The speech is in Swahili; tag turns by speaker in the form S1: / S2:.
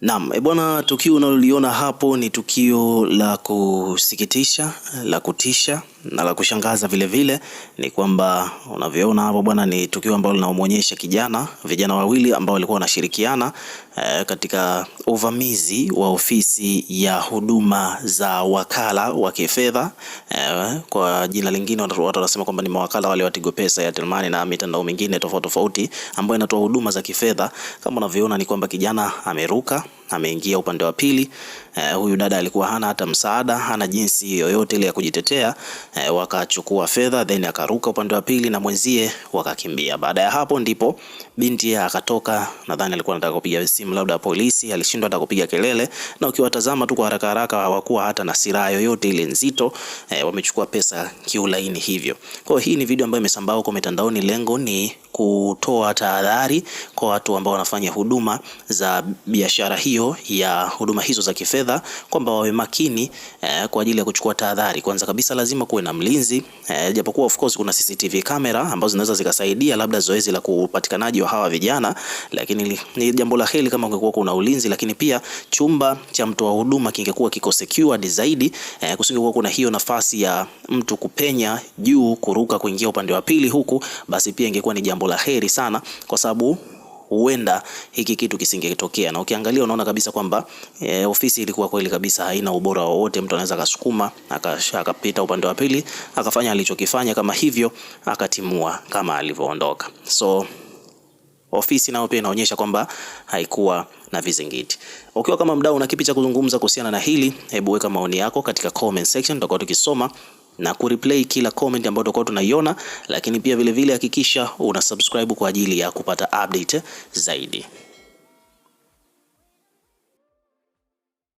S1: Naam, eh, bwana, tukio unaloliona hapo ni tukio la kusikitisha la kutisha na la kushangaza vile vile ni kwamba unavyoona hapo bwana, ni tukio ambalo linaonyesha kijana, vijana wawili ambao walikuwa wanashirikiana eh, katika uvamizi wa ofisi ya huduma za wakala wa kifedha eh, kwa jina lingine watu wanasema kwamba ni mawakala wale wa Tigo Pesa ya Telmani na mitandao mingine tofauti tofauti ambayo inatoa huduma za kifedha. Kama unavyoona ni kwamba kijana ameruka ameingia upande wa pili. Eh, huyu dada alikuwa hana hata msaada, hana jinsi yoyote ile ya kujitetea. Eh, wakachukua fedha then akaruka upande wa pili na mwenzie wakakimbia. Baada ya hapo ndipo binti akatoka, nadhani alikuwa anataka kupiga simu labda polisi, alishindwa hata kupiga kelele, na ukiwatazama tu kwa haraka haraka hawakuwa hata na silaha yoyote ile nzito. Eh, wamechukua pesa kiulaini hivyo. Kwa hii ni video ambayo imesambaa huko mitandaoni, lengo ni kutoa tahadhari kwa watu ambao wanafanya huduma za biashara hii hiyo ya huduma hizo za kifedha kwamba wawe makini eh, kwa ajili ya kuchukua tahadhari. Kwanza kabisa lazima kuwe na mlinzi eh, japokuwa of course kuna CCTV kamera ambazo zinaweza zikasaidia labda zoezi la kupatikanaji wa hawa vijana, lakini ni jambo la heri kama ungekuwa kuna ulinzi, lakini pia chumba cha mtoa huduma kingekuwa kiko secured zaidi eh, kusingekuwa kuna hiyo nafasi ya mtu kupenya juu kuruka kuingia upande wa pili huku, basi pia ingekuwa ni jambo la heri sana kwa sababu huenda hiki kitu kisingetokea. Na ukiangalia unaona kabisa kwamba e, ofisi ilikuwa kweli kabisa haina ubora wowote. Mtu anaweza akasukuma akapita upande wa pili akafanya alichokifanya, kama hivyo akatimua kama alivyoondoka. So ofisi nayo pia inaonyesha kwamba haikuwa na vizingiti. Ukiwa kama mdau, una kipi cha kuzungumza kuhusiana na hili? Hebu weka maoni yako katika comment section, tutakuwa tukisoma na kureplay kila comment ambayo tutakuwa tunaiona, lakini pia vilevile hakikisha una subscribe kwa ajili ya kupata update zaidi.